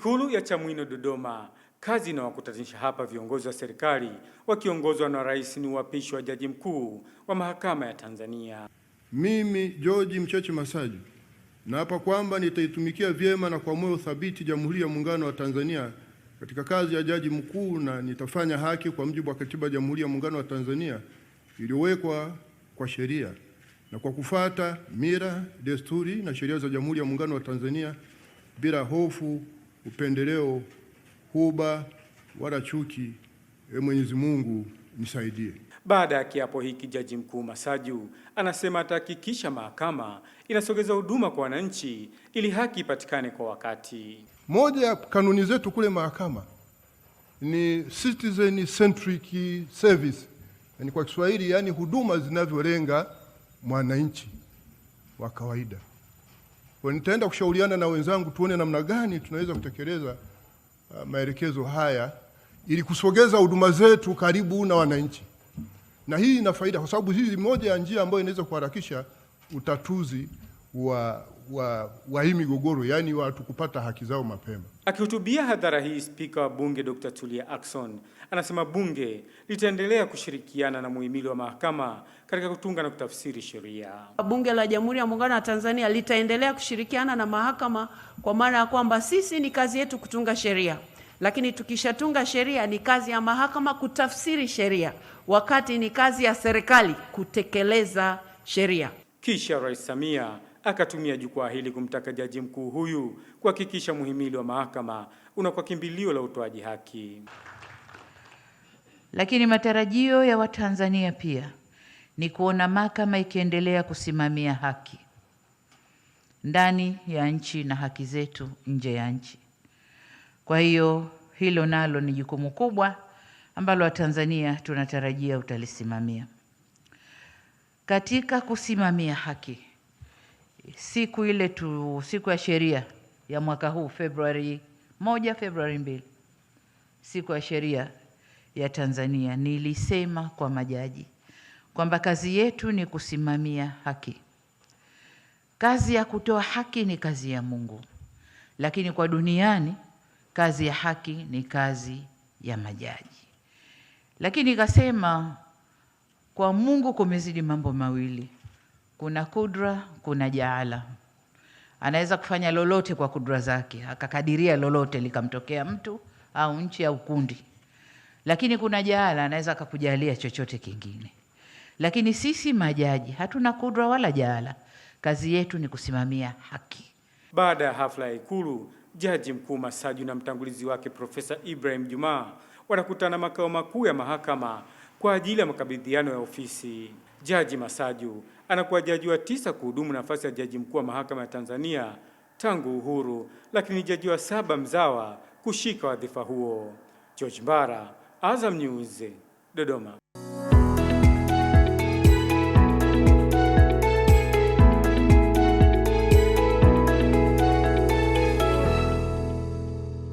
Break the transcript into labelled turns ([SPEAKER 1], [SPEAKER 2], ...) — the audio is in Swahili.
[SPEAKER 1] Ikulu ya Chamwino Dodoma, kazi inawakutanisha hapa viongozi wa serikali wakiongozwa na rais ni uapisho wa jaji mkuu wa mahakama ya Tanzania.
[SPEAKER 2] Mimi George Mcheche Masaju naapa kwamba nitaitumikia vyema na kwa moyo thabiti Jamhuri ya Muungano wa Tanzania katika kazi ya jaji mkuu, na nitafanya haki kwa mujibu wa Katiba ya Jamhuri ya Muungano wa Tanzania iliyowekwa kwa sheria na kwa kufata mira, desturi na sheria za Jamhuri ya Muungano wa Tanzania bila hofu upendeleo, huba wala chuki. E Mwenyezi Mungu nisaidie.
[SPEAKER 1] Baada ya kiapo hiki, Jaji Mkuu Masaju anasema atahakikisha mahakama inasogeza huduma kwa wananchi ili haki ipatikane kwa wakati.
[SPEAKER 2] Moja ya kanuni zetu kule mahakama ni citizen centric service, yani kwa Kiswahili, yani huduma zinavyolenga mwananchi wa kawaida. Kwa nitaenda kushauriana na wenzangu tuone namna gani tunaweza kutekeleza uh, maelekezo haya ili kusogeza huduma zetu karibu na wananchi, na hii ina faida kwa sababu hii ni moja ya njia ambayo inaweza kuharakisha utatuzi wa wa, wa hii migogoro yaani watu kupata haki zao mapema.
[SPEAKER 1] Akihutubia hadhara hii, Spika wa Bunge Dr. Tulia Ackson anasema Bunge litaendelea kushirikiana na muhimili wa mahakama katika kutunga na kutafsiri sheria.
[SPEAKER 3] Bunge la Jamhuri ya Muungano wa Tanzania litaendelea kushirikiana na mahakama kwa maana ya kwamba sisi ni kazi yetu kutunga sheria, lakini tukishatunga sheria ni kazi ya mahakama kutafsiri sheria, wakati ni kazi ya serikali kutekeleza sheria.
[SPEAKER 1] Kisha Rais Samia akatumia jukwaa hili kumtaka jaji mkuu huyu kuhakikisha muhimili wa mahakama unakuwa kimbilio la utoaji haki.
[SPEAKER 4] Lakini matarajio ya Watanzania pia ni kuona mahakama ikiendelea kusimamia haki ndani ya nchi na haki zetu nje ya nchi. Kwa hiyo hilo nalo ni jukumu kubwa ambalo Watanzania tunatarajia utalisimamia. Katika kusimamia haki siku ile tu, siku ya sheria ya mwaka huu Februari moja, Februari mbili, siku ya sheria ya Tanzania, nilisema kwa majaji kwamba kazi yetu ni kusimamia haki. Kazi ya kutoa haki ni kazi ya Mungu, lakini kwa duniani kazi ya haki ni kazi ya majaji. Lakini ikasema kwa Mungu kumezidi mambo mawili kuna kudra, kuna jaala. Anaweza kufanya lolote kwa kudra zake, akakadiria lolote likamtokea mtu au nchi au kundi, lakini kuna jaala, anaweza akakujalia chochote kingine. Lakini sisi majaji hatuna kudra wala jaala, kazi yetu ni kusimamia haki.
[SPEAKER 1] Baada ya hafla ya Ikulu, Jaji Mkuu Masaju na mtangulizi wake Profesa Ibrahim Juma wanakutana makao makuu ya mahakama kwa ajili ya makabidhiano ya ofisi. Jaji Masaju anakuwa jaji wa tisa kuhudumu nafasi ya jaji mkuu wa mahakama ya Tanzania tangu uhuru, lakini ni jaji wa saba mzawa kushika wadhifa huo. George Mbara, Azam News, Dodoma.